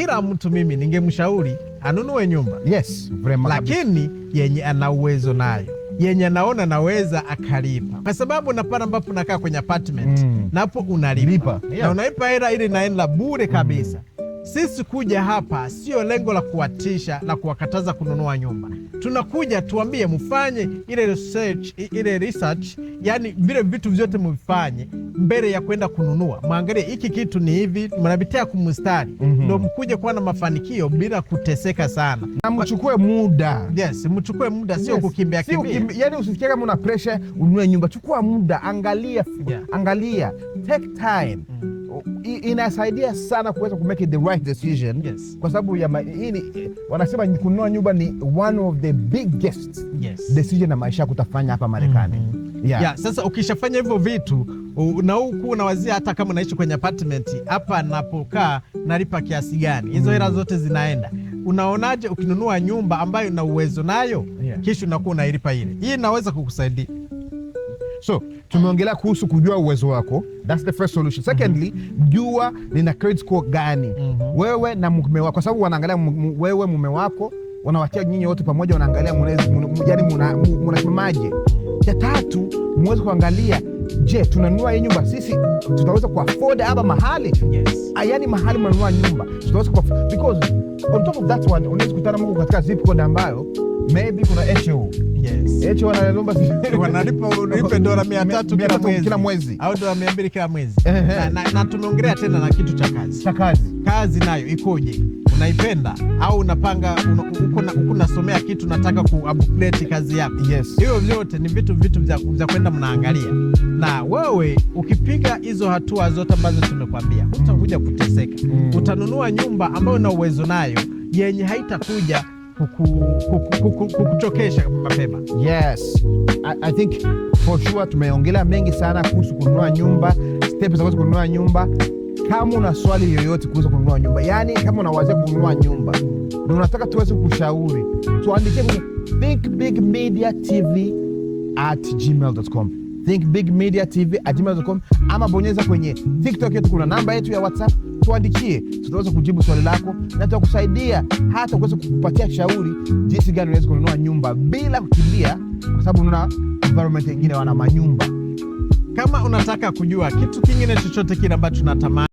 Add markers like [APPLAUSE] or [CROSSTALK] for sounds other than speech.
Kila mtu mimi ningemshauri anunue nyumba yes, lakini yenye ana uwezo nayo yenye anaona naweza akalipa, kwa sababu na ambapo nakaa kwenye apartment mm. napo unalipa yeah. na unalipa hela ili naenda bure mm. kabisa mm. Sisi kuja hapa sio lengo la kuwatisha na kuwakataza kununua nyumba. Tunakuja tuambie mfanye ile research, ile research, yani vile vitu vyote mvifanye mbele ya kwenda kununua, mwangalie hiki kitu ni hivi, mnavitia kumstari mhm. ndo mm -hmm. mkuje kuwa na mafanikio bila kuteseka sana, na mchukue muda. Yes, mchukue muda, sio yes. kukimbia kimbia, yani usifikirie kama una pressure ununue nyumba. Chukua muda, angalia yeah. angalia, take time mm -hmm inasaidia sana kuweza kumake the right decision yes. Kwa sababu ya wanasema kununua nyumba ni one of the biggest yes. decision na maisha kutafanya hapa Marekani mm -hmm. yeah. Yeah, sasa ukishafanya hivyo vitu na huku unawazia hata kama unaishi kwenye apartment, hapa napokaa nalipa kiasi gani? Hizo hela mm. zote zinaenda. Unaonaje ukinunua nyumba ambayo una uwezo nayo, yeah. Kisha unakuwa unailipa ile, hii inaweza kukusaidia. So tumeongelea kuhusu kujua uwezo wako, that's the first solution. Secondly, mm -hmm. jua nina credit score gani? mm -hmm. wewe na mume wako, kwa sababu wanaangalia wewe mume wako wanawatia nyinyi wote pamoja, wanaangalia yani munasimamaje. Cha tatu muweze kuangalia Je, tunanunua hii nyumba sisi tutaweza kuafford hapa mahali? Yes. Yaani mahali mnanunua nyumba tutaweza ku because on top of that one unaweza kutana katika zip code ambayo maybe kuna HO. Yes. HO wanalipa [LAUGHS] dola 300 kila mwezi au dola 200 kila mwezi. Na, na, na tumeongelea tena na kitu cha kazi. Cha kazi. Kazi nayo ikoje? unaipenda au unapanga unasomea kitu nataka kuupdate kazi yako yes. Hiyo vyote ni vitu vitu vya kwenda mnaangalia, na wewe ukipiga hizo hatua zote ambazo tumekwambia utakuja kuteseka mm. Utanunua nyumba ambayo una uwezo nayo yenye haitakuja kukuchokesha mapema. Yes. I, I think for sure tumeongelea mengi sana kuhusu kununua nyumba, steps za kununua nyumba kama una swali yoyote kuweza kununua nyumba, yaani kama unawazia kununua nyumba na unataka tuweze kushauri, tuandikie kwenye at gmail.com thinkbigmediatv@gmail.com, ama bonyeza kwenye TikTok yetu, kuna namba yetu ya WhatsApp, tuandikie, tutaweza kujibu swali lako na tutakusaidia hata kuweza kukupatia shauri jinsi gani unaweza kununua nyumba bila kukimbia, kwa sababu una environment nyingine wana manyumba. Kama unataka kujua kitu kingine chochote kile ambacho natamani